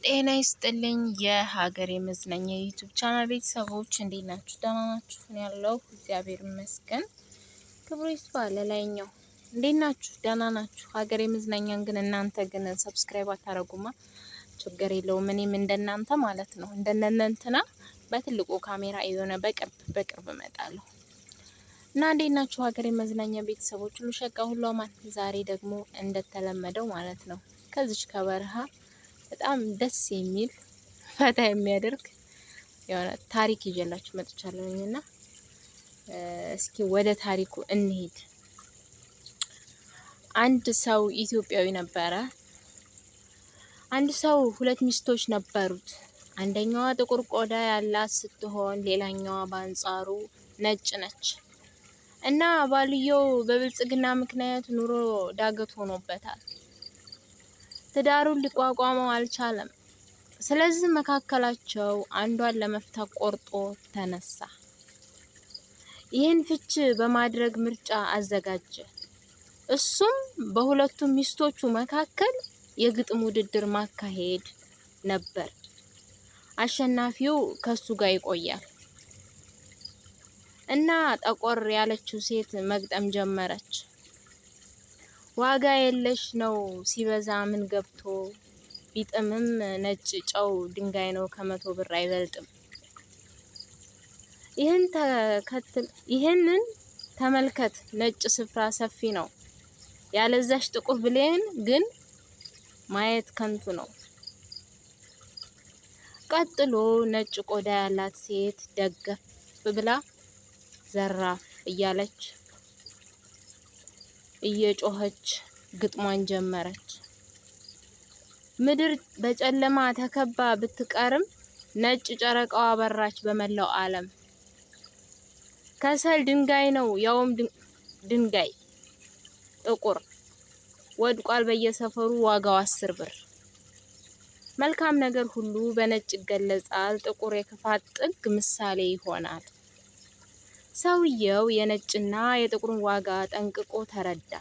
ጤና ይስጥልኝ የሀገር የመዝናኛ የዩቱብ ቻናል ቤተሰቦች እንዴት ናችሁ? ደህና ናችሁ? ያለው እግዚአብሔር ይመስገን ክብሩ ይስፋ ለላይኛው። እንዴት ናችሁ? ደህና ናችሁ? ሀገር የመዝናኛን ግን እናንተ ግን ሰብስክራይብ አታረጉማ። ችግር የለውም እኔም እንደናንተ ማለት ነው እንደነነንትና በትልቁ ካሜራ የሆነ በቅርብ በቅርብ እመጣለሁ እና እንዴት ናችሁ? ሀገር የመዝናኛ ቤተሰቦች ሁሉ ሸጋ ሁሉ አማን። ዛሬ ደግሞ እንደተለመደው ማለት ነው ከዚች ከበረሃ በጣም ደስ የሚል ፈታ የሚያደርግ የሆነ ታሪክ ይዤላችሁ መጥቻለሁኝ እና እስኪ ወደ ታሪኩ እንሂድ። አንድ ሰው ኢትዮጵያዊ ነበረ። አንድ ሰው ሁለት ሚስቶች ነበሩት። አንደኛዋ ጥቁር ቆዳ ያላት ስትሆን ሌላኛዋ በአንጻሩ ነጭ ነች እና ባልየው በብልጽግና ምክንያት ኑሮ ዳገት ሆኖበታል። ትዳሩን ሊቋቋመው አልቻለም። ስለዚህ መካከላቸው አንዷን ለመፍታት ቆርጦ ተነሳ። ይህን ፍች በማድረግ ምርጫ አዘጋጀ። እሱም በሁለቱም ሚስቶቹ መካከል የግጥም ውድድር ማካሄድ ነበር። አሸናፊው ከሱ ጋር ይቆያል እና ጠቆር ያለችው ሴት መግጠም ጀመረች። ዋጋ የለሽ ነው ሲበዛ ምን ገብቶ ቢጥምም ነጭ ጨው ድንጋይ ነው ከመቶ ብር አይበልጥም። ይህንን ተመልከት ነጭ ስፍራ ሰፊ ነው። ያለዛሽ ጥቁር ብሌን ግን ማየት ከንቱ ነው። ቀጥሎ ነጭ ቆዳ ያላት ሴት ደገፍ ብላ ዘራፍ እያለች እየጮኸች ግጥሟን ጀመረች። ምድር በጨለማ ተከባ ብትቀርም ነጭ ጨረቃዋ በራች በመላው ዓለም። ከሰል ድንጋይ ነው ያውም ድንጋይ ጥቁር ወድቋል በየሰፈሩ ዋጋው አስር ብር። መልካም ነገር ሁሉ በነጭ ይገለጻል፣ ጥቁር የክፋት ጥግ ምሳሌ ይሆናል። ሰውየው የነጭና የጥቁር ዋጋ ጠንቅቆ ተረዳ።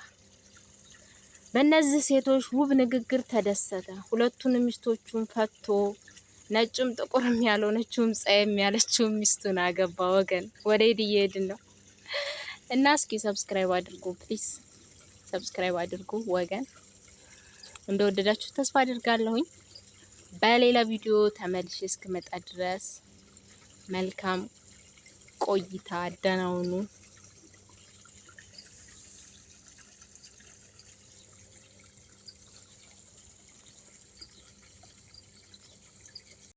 በእነዚህ ሴቶች ውብ ንግግር ተደሰተ። ሁለቱን ሚስቶቹን ፈቶ ነጭም ጥቁርም ያልሆነችውም ፀየም ያለችውም ሚስቱን አገባ። ወገን ወደ ሄድ እየሄድን ነው እና እስኪ ሰብስክራይብ አድርጉ ፕሊስ፣ ሰብስክራይብ አድርጉ ወገን። እንደወደዳችሁ ተስፋ አድርጋለሁኝ። በሌላ ቪዲዮ ተመልሼ እስክመጣ ድረስ መልካም ቆይታ ደናውኑ